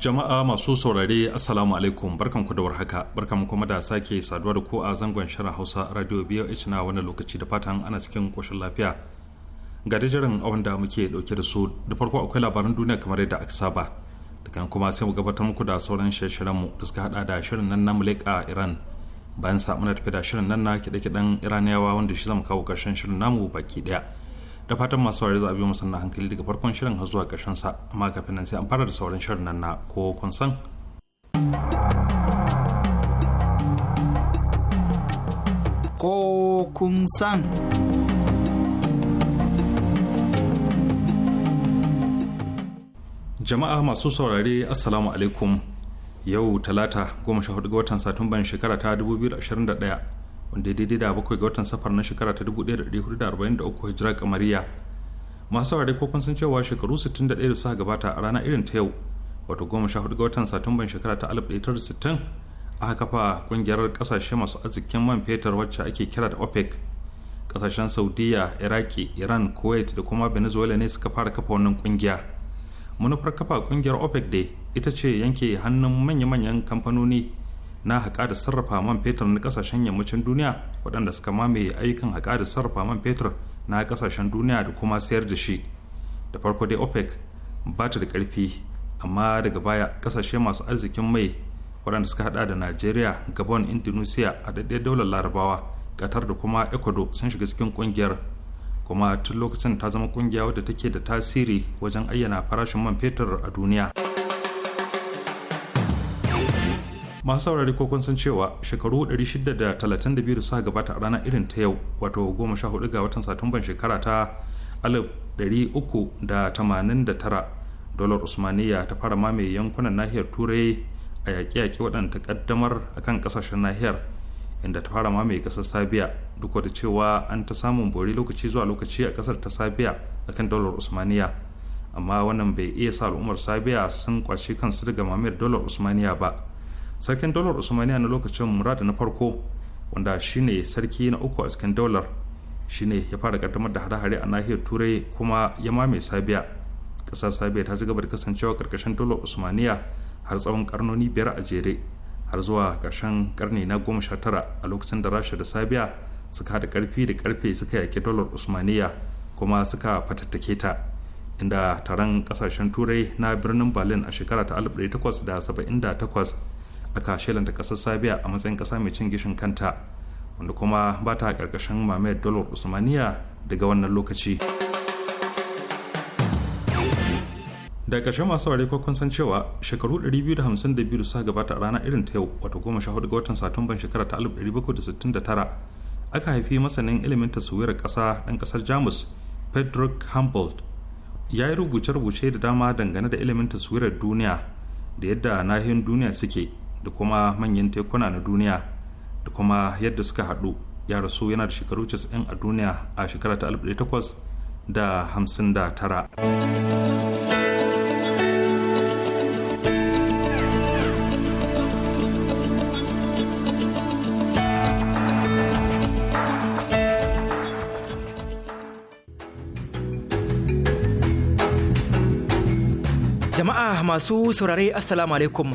Jama'a masu saurare Assalamu alaikum ku da warhaka barkanku kuma da sake saduwa da ku a zangon shirin Hausa Radio BOH na wani lokaci da fatan ana cikin koshin lafiya. Ga jiran awon da muke dauke da su da farko akwai labaran duniya kamar yadda aka saba. da kan kuma sai mu gabatar muku da sauran shirye mu da suka hada da shirin nan na a Iran. Bayan sa muna tafi da shirin nan na kide kiɗen Iraniyawa wanda shi zama kawo ƙarshen shirin namu baki ɗaya. da fatan masu wari za a biyo hankali daga farkon shirin har zuwa ƙarshen sa amma kafin nan sai an fara da sauran shirin nan na ko kun san ko kun san jama'a masu saurare assalamu alaikum yau talata 14 ga watan satumban shekara ta 2021 wanda daidai da bakwai ga watan safar na shekara ta 1443 hijira kamariya masu saurare ko kun san cewa shekaru 61 da suka gabata a rana irin ta yau wato 14 ga watan satumban shekara ta 1960 aka kafa kungiyar kasashe masu arzikin man fetur wacce ake kira da opec kasashen saudiya iraki iran kuwait da kuma venezuela ne suka fara kafa wannan kungiya manufar kafa kungiyar opec dai ita ce yanke hannun manya-manyan kamfanoni na haƙa da sarrafa man fetur na ƙasashen yammacin duniya waɗanda suka mamaye ayyukan haƙa da sarrafa man fetur na ƙasashen duniya da kuma sayar da shi da farko dai opec ba ta da ƙarfi amma daga baya ƙasashe masu arzikin mai waɗanda suka haɗa da nigeria gabon indonesia a daɗe daular larabawa qatar da kuma ecuador sun shiga cikin ƙungiyar kuma tun lokacin ta zama ƙungiya wadda take da tasiri wajen ayyana farashin man fetur a duniya. masu saurari ko kun san cewa shekaru 632 da suka gabata a rana irin ta yau wato 14 ga watan satumban shekara ta 1389 dolar usmaniya ta fara mamaye yankunan nahiyar turai a yaƙe-yaƙe waɗanda ta ƙaddamar a kan ƙasashen nahiyar inda ta fara mamaye ƙasar sabiya duk da cewa an ta samun bori lokaci zuwa lokaci a ƙasar ta sabiya akan dolar usmaniya amma wannan bai iya sa al'ummar sabiya sun kwashi kansu daga mamayar dolar usmaniya ba sarkin daular usmaniya na lokacin murad na farko wanda shine sarki na uku a cikin daular shine ya fara kaddamar da hare-hare a nahiyar turai kuma ya mame sabiya kasar sabiya ta ci gaba da kasancewa karkashin daular usmaniya har tsawon karnoni biyar a jere har zuwa karshen karni na goma sha tara a lokacin da rasha da sabiya suka haɗa karfi da karfe suka yaki daular usmaniya kuma suka fatattake ta inda taron kasashen turai na birnin berlin a shekara ta 1878 a aka da kasar sabiya a matsayin kasa mai cin gishin kanta wanda kuma ba ta karkashin mamayar dalar usmaniya daga wannan lokaci da ƙarshe masu ware kun san cewa shekaru 252 da suka gabata a rana irin ta yau wato 14 ga watan satumban shekara ta 1769 aka haifi masanin ilimin taswirar ƙasa ɗan ƙasar jamus pedro humboldt ya yi rubuce-rubuce da dama dangane da ilimin taswirar duniya da yadda nahiyar duniya suke da kuma manyan tekuna na duniya da kuma yadda suka haɗu ya rasu yana da shekaru 90 a duniya a shekara ta 1859masu saurare assalamu alaikum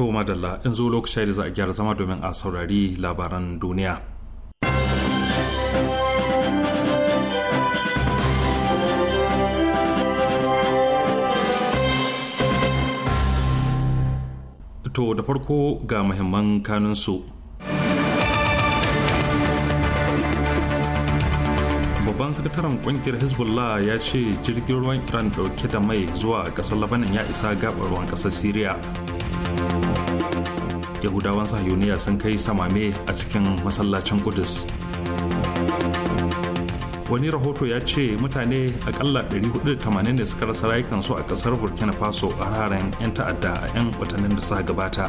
To madalla in zo lokaci da za a gyara zama domin a saurari labaran duniya. To da farko ga muhimman kanunsu. Babban sakataren kungiyar Hezbollah ya ce jirgin ruwan Iran dauke da mai zuwa kasar Labanin ya isa gabar ruwan kasar Siriya. yahudawan sahiyuniya sun kai samame a cikin masallacin kudus wani rahoto ya ce mutane akalla 480 ne suka rasa rayukansu a kasar burkina faso a hararen 'yan ta'adda a 'yan watannin da suka gabata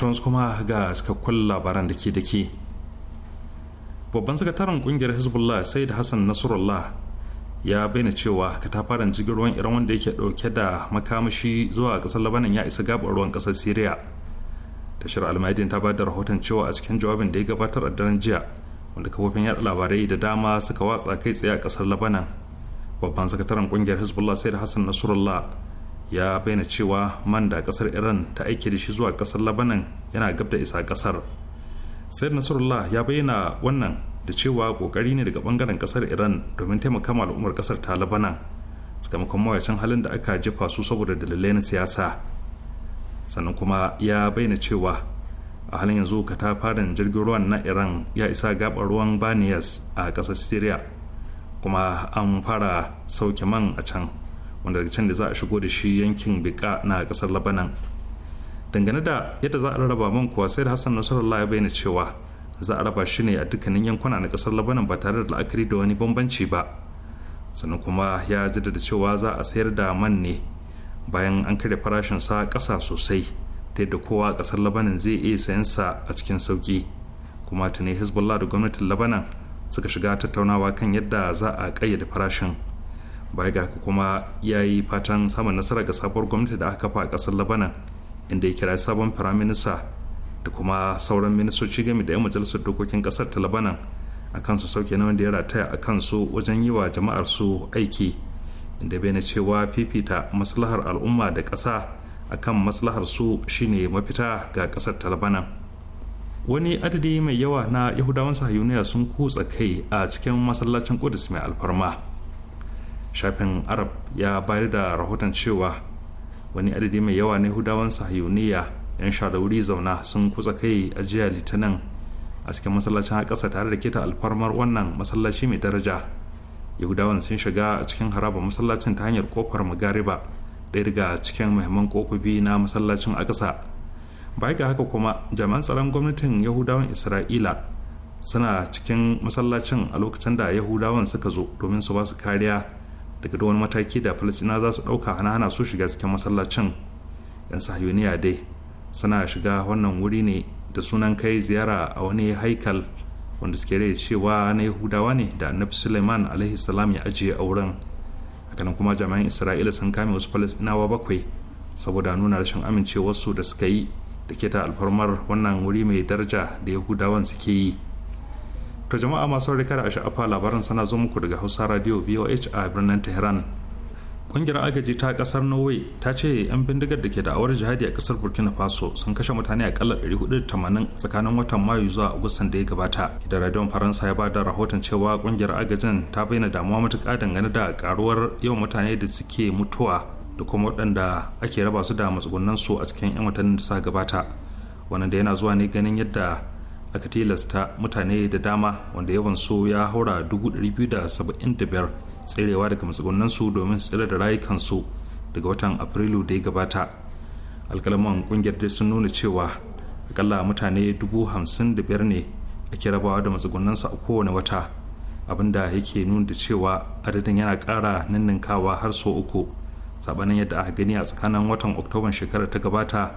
tons kuma ga cikakkun labaran da ke da ke babban sakataren ƙungiyar hezbollah sai da hassan nasrullah ya bayyana cewa katafaren jirgin ruwan iran wanda yake dauke da makamashi zuwa kasar labanan ya isa gabar ruwan kasar syria tashar almadin ta ba da rahoton cewa a cikin jawabin da ya gabatar a daren jiya wanda kafofin yada labarai da dama suka watsa kai tsaye a kasar labanan babban sakataren kungiyar hezbollah sai da hassan nasrullah ya bayyana cewa man da kasar iran ta aike da shi zuwa kasar labanan yana gab da isa kasar sai nasrullah ya bayyana wannan da cewa kokari ne daga bangaren kasar iran domin taimaka ma al'ummar kasar ta labanan sakamakon mawacin halin da aka jefa su saboda dalilai na siyasa sannan kuma ya bayyana cewa a halin yanzu katafaren jirgin ruwan na iran ya isa gabar ruwan baniyas a kasar syria kuma an fara sauke man a can wanda daga can da za a shigo da shi yankin bika na kasar labanan dangane da yadda za a rarraba man kuwa sai da hassan nasarar ya bayyana cewa za a raba shi ne a dukkanin yankuna na kasar labanan ba tare da la'akari da wani bambanci ba sannan kuma ya da cewa za a sayar da man ne bayan an karya farashin sa ƙasa sosai ta yadda kowa a ƙasar labanan zai iya sayan sa a cikin sauƙi kuma tuni hezbollah da gwamnatin labanan suka shiga tattaunawa kan yadda za a ƙayyade farashin baya ga kuma ya yi fatan samun nasara ga sabuwar gwamnati da aka kafa a ƙasar labanan inda ya kira sabon firaminista da kuma sauran ministoci game da 'yan majalisar dokokin kasar ta labanan a kansu sauke na wanda ya rataya a kansu wajen yi wa jama'ar su aiki inda bai na cewa fifita maslahar al'umma da ƙasa kan maslahar su shine mafita ga ƙasar ta labanan wani adadi mai yawa na yahudawan sahiyuniya sun kutsa kai a cikin masallacin kudus mai alfarma shafin arab ya bayar da rahoton cewa wani adadi mai yawa na yahudawan sahiyuniya 'yan shadauri wuri zauna sun kutsa kai a jiya litinin a cikin masallacin a ƙasa tare da keta alfarmar wannan masallaci mai daraja yahudawan sun shiga a cikin haraba masallacin ta hanyar kofar magariba ɗaya daga cikin muhimman kofofi na masallacin a ƙasa bai ga haka kuma jami'an tsaron gwamnatin yahudawan isra'ila suna cikin masallacin a lokacin da yahudawan suka zo domin su ba su kariya daga wani mataki da falastina za su ɗauka hana hana su shiga cikin masallacin yan sahiyoniya dai suna shiga wannan wuri ne da sunan kai ziyara a wani haikal wanda suke rai cewa na yahudawa ne da annabi suleiman alaihi ya ajiye a wurin hakanan kuma jami'an isra'ila sun kame wasu falasinawa bakwai saboda nuna rashin amincewarsu da suka yi da ke ta alfarmar wannan wuri mai daraja da yahudawan suke yi to jama'a masu rikar a sha'afa labarin sana zo muku daga hausa radio voh a birnin tehran kungiyar agaji ta kasar norway ta ce 'yan bindigar da ke da'awar jihadi a kasar burkina faso sun kashe mutane a kalla 480 tsakanin watan mayu zuwa agustan da ya gabata da radion faransa ya bada rahoton cewa kungiyar agajin ta bayyana damuwa matuka dangane da karuwar yawan mutane da suke mutuwa da kuma waɗanda ake raba su da matsugunan su a cikin 'yan watannin da suka gabata wannan yana zuwa ne ganin yadda aka tilasta mutane da dama wanda yawan su ya haura 275 tserewa daga matsugunansu domin tsira da rayukansu daga watan afrilu da ya gabata alkalaman kungiyar dai sun nuna cewa akalla mutane dubu hamsin da biyar ne ake rabawa da matsugunansu a kowane wata abinda yake nuna da cewa adadin yana ƙara ninninkawa har sau uku sabanin yadda aka gani a tsakanin watan oktoban shekarar ta gabata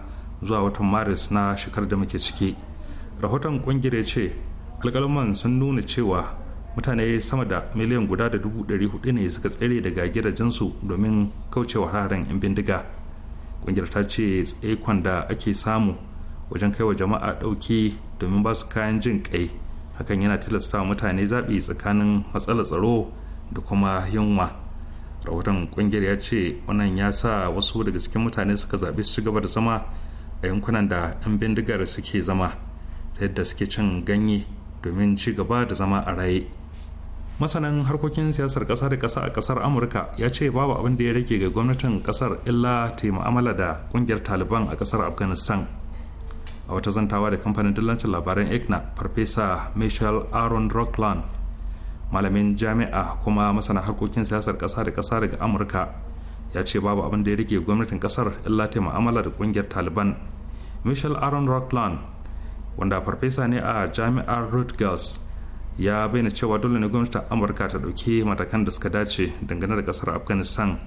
zuwa watan maris na shekarar da muke ciki rahoton kungiyar ya ce alkalaman sun nuna cewa mutane sama da miliyan guda da dubu ɗari hudu ne suka tsere daga gidajensu domin kaucewa hararen 'yan bindiga ƙungiyar ta ce tsaikon da ake samu wajen kai wa jama'a ɗauki domin ba su kayan jin kai hakan yana tilasta mutane zaɓi tsakanin matsalar tsaro da kuma yunwa rahoton ƙungiyar ya ce wannan ya sa wasu daga cikin mutane suka zaɓi su gaba da zama a yankunan da 'yan bindigar suke zama ta yadda suke cin ganye domin ci gaba da zama a raye masanin harkokin siyasar ƙasa da kasa a kasar amurka ya ce babu abin da ya rage ga gwamnatin kasar illa ta mu'amala da ƙungiyar taliban a ƙasar afghanistan a wata zantawa da kamfanin dillancin labaran ekna farfesa michel aaron rockland malamin jami'a kuma masana harkokin siyasar ƙasa da kasa daga amurka ya ce babu abin da ya rage gwamnatin ƙasar illa ta mu'amala da ƙungiyar taliban michel aaron rockland wanda farfesa ne a jami'ar rutgers ya bayyana cewa dole ne gwamnati amurka ta ɗauki matakan da suka dace dangane da kasar afghanistan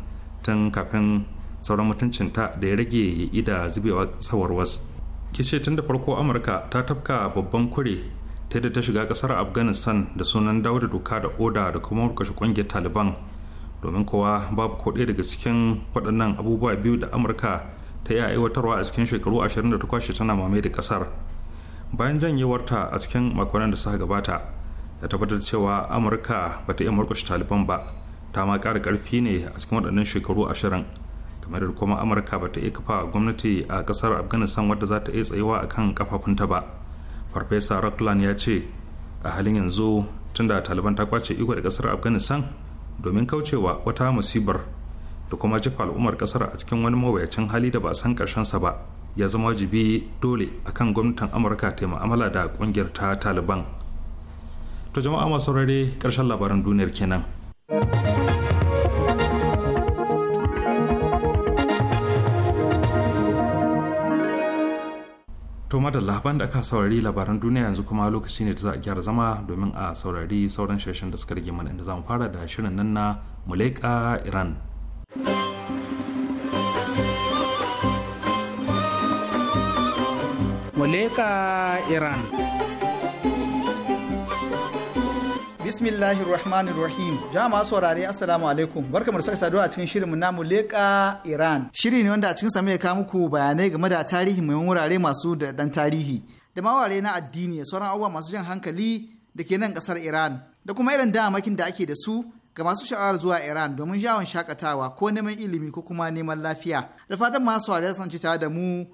tun kafin sauran mutuncinta da ya rage ya ida zubewa sawarwas kice tun da farko amurka ta tafka babban kure ta da ta shiga ƙasar afghanistan da sunan dawo da doka da oda da kuma murkushe kungiyar taliban domin kowa babu ko daga cikin waɗannan abubuwa biyu da amurka ta yi aiwatarwa a cikin shekaru ashirin da 28 tana mamaye da kasar bayan janyewarta a cikin makonnin da suka gabata da tabbatar cewa amurka ba ta iya murkushe taliban ba ta ma ƙara ƙarfi ne a cikin waɗannan shekaru ashirin kamar da kuma amurka ba ta iya kafa gwamnati a ƙasar afghanistan wadda za ta iya tsayuwa a kan kafafunta ba farfesa rockland ya ce a halin yanzu tunda taliban ta kwace iko da ƙasar afghanistan domin kaucewa wata musibar da kuma jefa al'ummar ƙasar a cikin wani mawuyacin hali da ba a san ƙarshensa ba ya zama wajibi dole akan gwamnatin amurka ta mu'amala da ƙungiyar ta taliban to jama'a masu saurare karshen labaran duniyar kenan to madalla da aka saurari labaran duniya yanzu kuma lokaci ne da za a gyara zama domin a saurari sauran shirshen da suka rage mana inda za fara da shirin nan na muleka iran muleka iran bismillahirrahmanirrahim rahmanir jama'a saurare assalamu alaikum barkamu da sake saduwa a cikin shirin namu leka iran shiri ne wanda a cikin sa mai kawo muku bayanai game da tarihi mai wurare masu da dan tarihi da maware na addini da sauran abubuwa masu jan hankali da ke nan kasar iran da kuma irin damakin da ake da su ga masu sha'awar zuwa iran domin yawon shakatawa ko neman ilimi ko kuma neman lafiya da fatan masu saurare sun ci tare da mu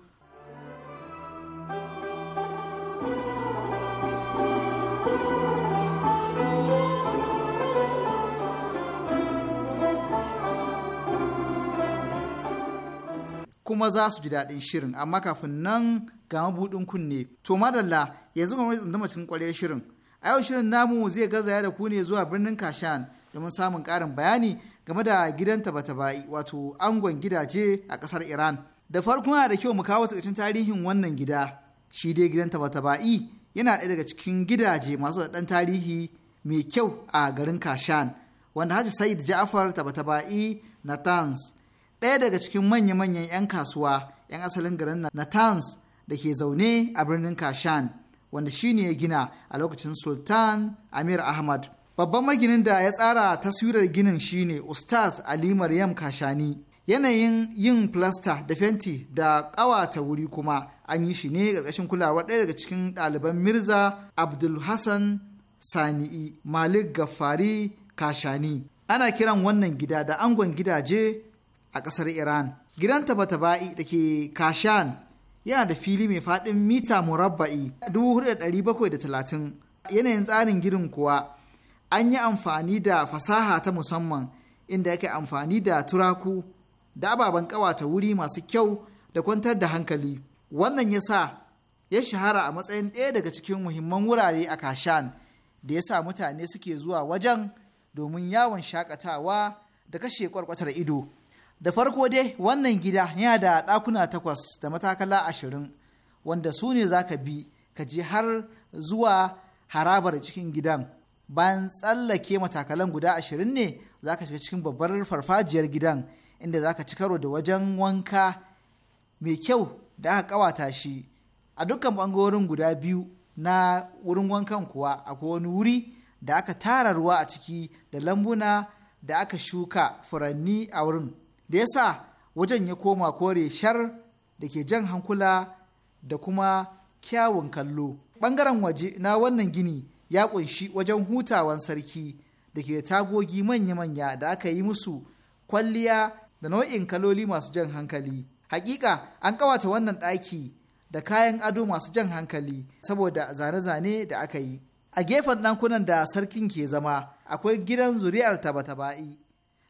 kuma za su ji daɗin shirin amma kafin nan ga mabuɗin kunne to madalla yanzu kuma tsunduma cikin kwarar shirin a yau shirin namu zai gazaya da ku ne zuwa birnin kashan domin samun ƙarin bayani game da gidan tabatabai wato angon gidaje a ƙasar iran da farko yana da kyau mu kawo takaicin tarihin wannan gida shi dai gidan tabatabai yana ɗaya daga cikin gidaje masu ɗan tarihi mai kyau a garin kashan wanda hajji said ja'far tabatabai na tans ɗaya daga cikin manya-manyan 'yan kasuwa 'yan asalin garin Natanz da ke zaune a birnin Kashan, wanda shi ne ya gina a lokacin Sultan Amir Ahmad. Babban maginin da ya tsara taswirar ginin shine Ustaz Ali Maryam Kashani. Yanayin yin filasta da fenti da ƙawata wuri kuma an yi shi ne karkashin kulawar ɗaya daga cikin ɗaliban Mirza Abdul Hassan Sani'i Malik Gaffari Kashani. Ana kiran wannan gida da angon gidaje a ƙasar Iran. Gidan Tabatabai da ke Kashan yana da fili mai faɗin mita murabba'i 4,730 yanayin tsarin girin kuwa an yi amfani da fasaha ta musamman inda yake amfani da turaku da ababen ƙawata wuri masu kyau da kwantar da hankali. Wannan ya sa ya shahara a matsayin ɗaya daga cikin muhimman wurare a Kashan da ya sa mutane suke zuwa wajen domin yawon shakatawa da kashe kwarkwatar ido. da farko dai wannan gida yana da ɗakuna takwas da matakala ashirin wanda su ne za ka bi ka je har zuwa harabar cikin gidan bayan tsallake matakalan guda ashirin ne za ka shiga cikin babbar farfajiyar gidan inda za ka ci karo da wajen wanka mai kyau da aka kawata shi a dukkan bangarorin guda biyu na wurin wankan kuwa akwai wani wuri da aka tara ruwa a ciki da lambuna da aka shuka furanni a wurin da ya sa wajen ya koma kore shar da ke jan hankula da kuma kyawun kallo ɓangaren waje na wannan gini ya ƙunshi wajen hutawan sarki da ke tagogi manya-manya da aka yi musu kwalliya da nau'in kaloli masu jan hankali hakika an ƙawata wannan ɗaki da kayan ado masu jan hankali saboda zane-zane da aka yi a gefen ɗankunan da sarkin ke zama akwai gidan zuri'ar taba-taba'i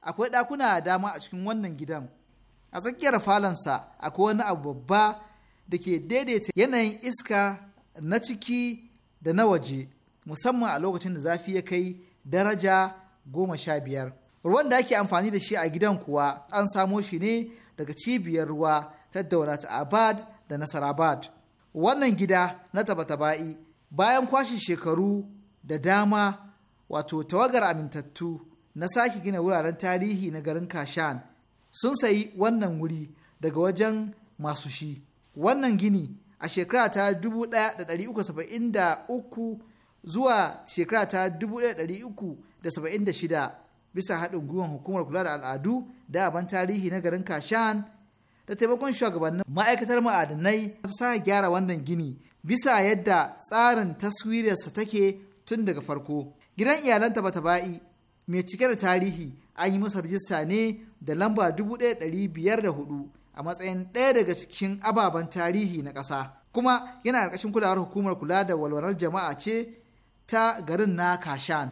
akwai ɗakuna dama a cikin wannan gidan a tsakiyar falansa akwai wani abu babba da ke daidaita yanayin iska na ciki da na waje musamman a lokacin da zafi ya kai daraja goma sha biyar ruwan da ake amfani da shi a gidan kuwa an samo shi ne daga cibiyar ruwa ta daulat abad da nasarabad wannan gida na taba-taba'i bayan kwashe shekaru da dama wato tawagar amintattu na sake gina wuraren tarihi na garin kashan sun sayi wannan wuri daga wajen masu shi wannan gini a shekara ta 1373 zuwa shekara ta 1376 bisa haɗin gwiwar hukumar kula da al'adu da aban tarihi na garin kashan da taimakon shugabannin ma'aikatar ma'adanai ta sa gyara wannan gini bisa yadda tsarin taswirarsa take tun daga farko gidan iyalanta bata ba'i mai cike da tarihi an yi masa rajista ne da lamba 1504 a matsayin ɗaya daga cikin ababen tarihi na ƙasa kuma yana ƙarƙashin kulawar hukumar kula da walwalar jama'a ce ta garin na kashan.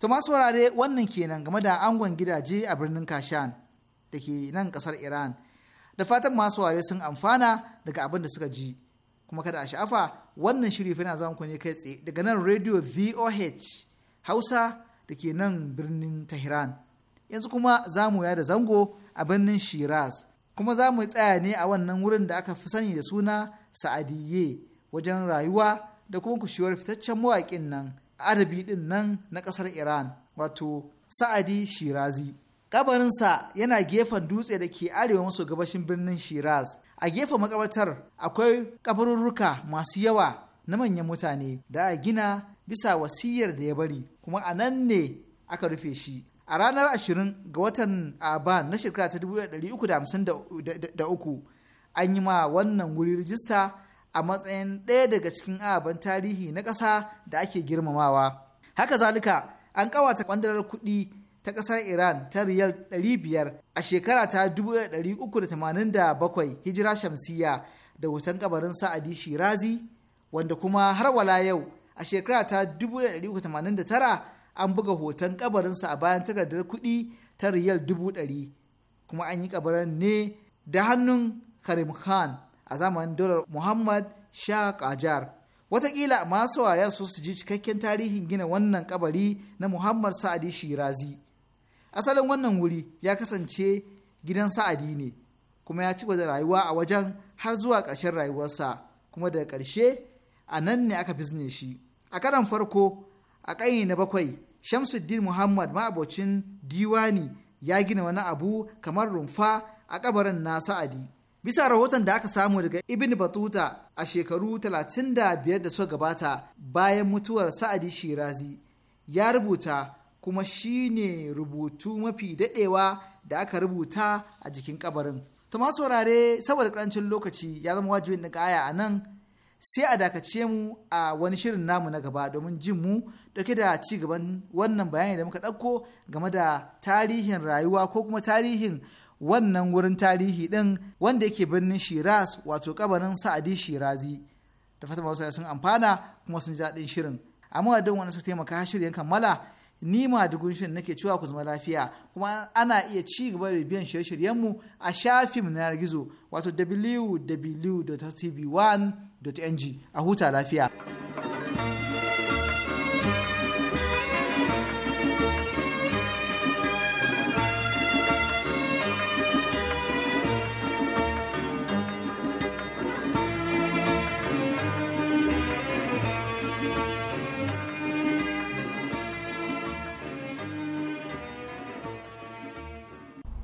To masu wurare wannan kenan game da angon gidaje a birnin Kashan da ke nan kasar Iran. da fatan masu ware sun amfana daga abin da suka ji kuma kada a sha'afa wannan shiri fina zama zuwa ku ne kai tse daga nan radio voh hausa da ke nan birnin tehran yanzu kuma za mu yada zango a birnin shiraz kuma za mu tsaya ne a wannan wurin da aka fi sani da suna sa'adiyye wajen rayuwa da kuma kushewar fitaccen mawaƙin nan adabi din nan na ƙasar iran wato sa'adi shirazi Kabarinsa yana gefen dutse da ke arewa maso gabashin birnin Shiraz. A gefen makabartar akwai kabarurruka masu yawa na manyan mutane da a gina bisa wasiyar da ya bari kuma a nan ne aka rufe shi. A ranar 20 ga watan Aban na shekara ta 1353 an yi ma wannan wuri rijista a matsayin ɗaya daga cikin aban tarihi na ƙasa da ake girmamawa. Haka zalika an ƙawata kwandarar kuɗi ta ƙasar Iran ta riyal 500 a shekara ta 1387 hijira shamsiya da hoton kabarin Sa'adi Shirazi wanda kuma har wala yau a shekara ta 1389 an buga hoton kabarinsa a bayan takardar kuɗi ta riyal 100 kuma an yi kabarin ne da hannun Karim Khan a zamanin dolar Muhammad Shah Qajar. watakila masu wariya su su ji cikakken tarihin gina wannan kabari na Muhammad Sa'adi Shirazi. asalin wannan wuri ya kasance gidan sa'adi ne kuma ya ci da rayuwa a wajen har zuwa ƙarshen rayuwarsa kuma daga ƙarshe a nan ne aka bizne shi a karan farko a ƙayi na bakwai shamsuddin muhammad ma'abocin diwani ya gina wani abu kamar rumfa a ƙabarin na sa'adi bisa rahoton da aka samu daga ibn batuta a shekaru 35 da suka gabata bayan mutuwar sa'adi shirazi ya rubuta kuma shi ne rubutu mafi daɗewa da aka rubuta a jikin kabarin. Tuma saurare saboda karancin lokaci ya zama wajibin na kaya a nan sai a dakace mu a wani shirin namu na gaba domin jin mu ɗauke da ci gaban wannan bayani da muka ɗauko game da tarihin rayuwa ko kuma tarihin wannan wurin tarihi ɗin wanda yake birnin Shiraz wato kabarin Sa'adi Shirazi. Da fatan masu sun amfana kuma sun ji daɗin shirin. Amma wadda wani suka taimaka shirya kammala ni ma dugun shirin nake cewa ku zama lafiya kuma ana iya ci gaba da biyan shirye-shiryenmu a shafin na gizo wato www.tv1.ng a huta lafiya.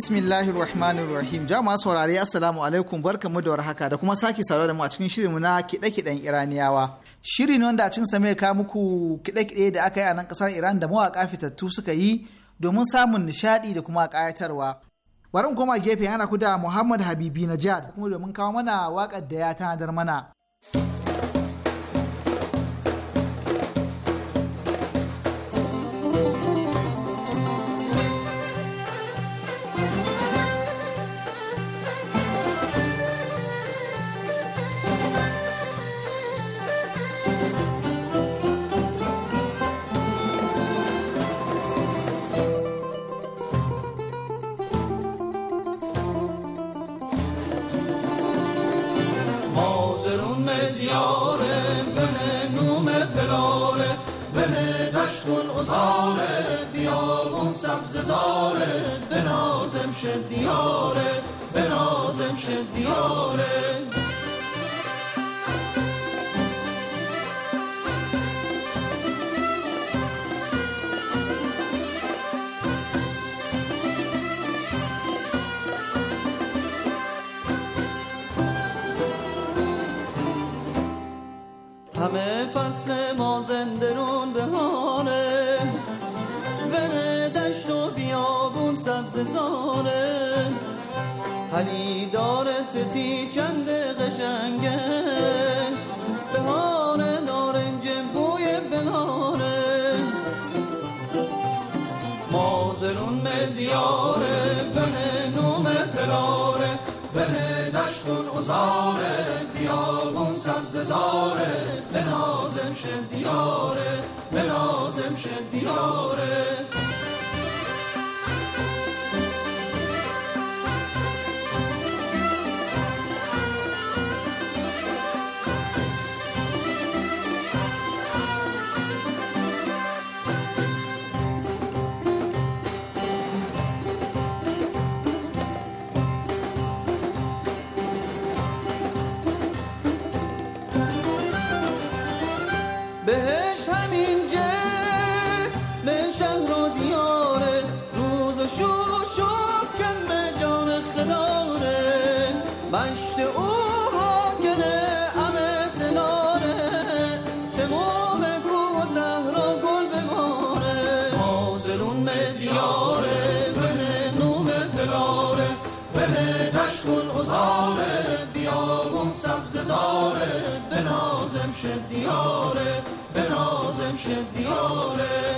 Bismillahir Rahmanir Rahim. Jama'a saurare Assalamu alaikum barkamu da warhaka da kuma sake saurare da mu a cikin shirinmu na kiɗe-kiɗen Iraniyawa. Shirin wanda a cikin mai ka muku kiɗe-kiɗe da aka yi a nan ƙasar Iran da mawaƙa fitattu suka yi domin samun nishaɗi da kuma kayatarwa. Bari mu koma gefe yana ku da Muhammad Habibi Najad kuma domin kawo mana waƙar da ya tanadar mana. شد دیاره به نازم شد دیاره همه فصل ما زندرون به حاله زاره حلی دارت تی چند قشنگه بهار نارنج بوی بناره مازرون دیاره بن نوم پلاره بن دشتون ازاره بیابون سبز زاره بنازم شد دیاره بنازم شد دیاره بنازم به نازم شد دیاره به نازم شد دیاره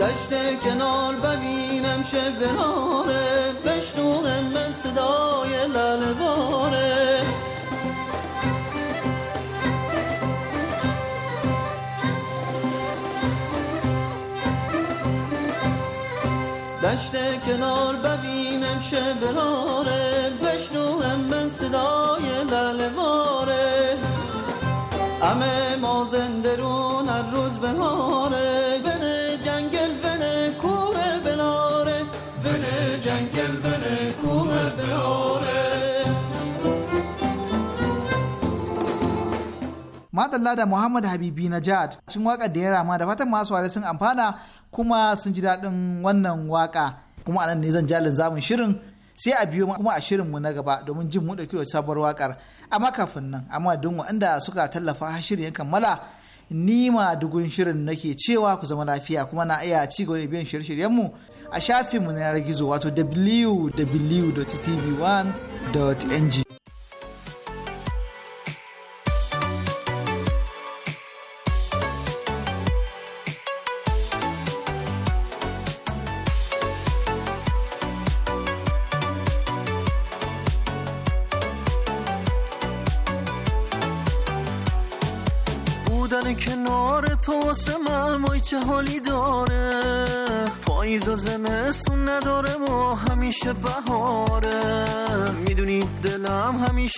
دشت کنار ببینم شه بناره بشنوم من صدای باره دشت کنار ببینم شبراره هم من صدای لالواره امه ما زنده رون روز بهاره ونه جنگل ونه کوه بلاره ونه جنگل ونه کوه بلاره Madalla da محمد حبیبی نجاد sun waka da ya rama da fatan masu sun kuma sun ji daɗin wannan waka kuma anan ne zan jalin zamun shirin sai a biyo kuma a shirinmu na gaba domin jin mu ɗauki sabuwar wakar amma kafin nan amma don waɗanda suka tallafa shirin ya kammala ni ma dugun shirin nake cewa ku zama lafiya kuma na iya ci gaba da biyan shirye-shiryenmu a shafinmu na yanar gizo wato www.tv1.ng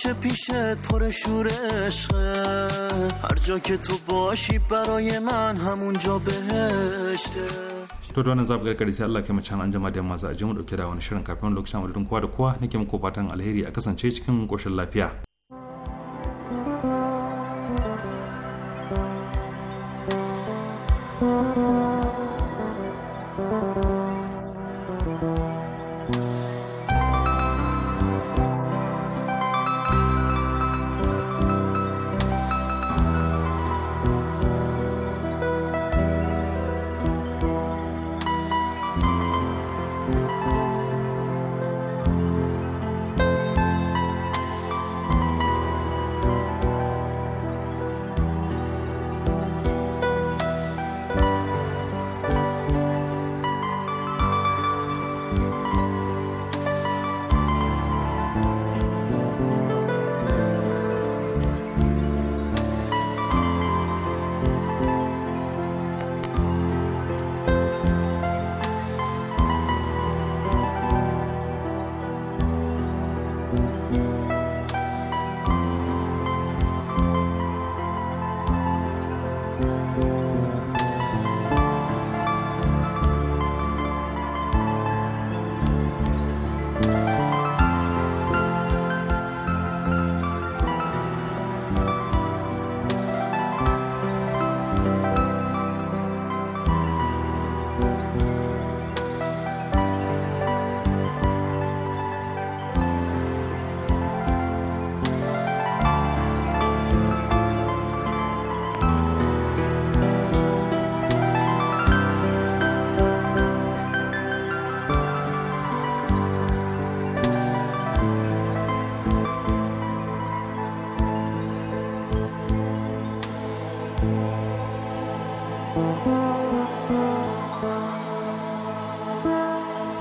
همیشه پیشت پر شور عشقه هر جا که تو باشی برای من همونجا بهشته to don zaɓi gargari sai Allah kai mu can an jama da masu mu dauke da wani shirin kafin lokacin madadin kowa da kowa nake muku fatan alheri a kasance cikin koshin lafiya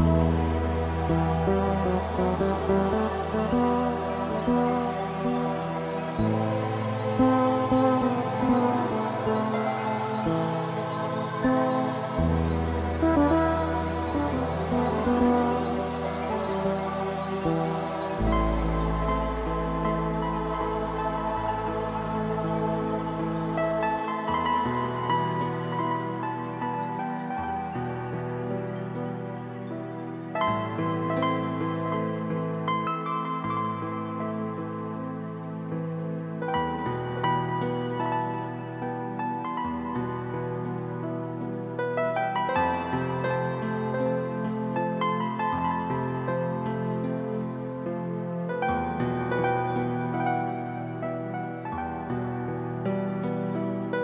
Thank you.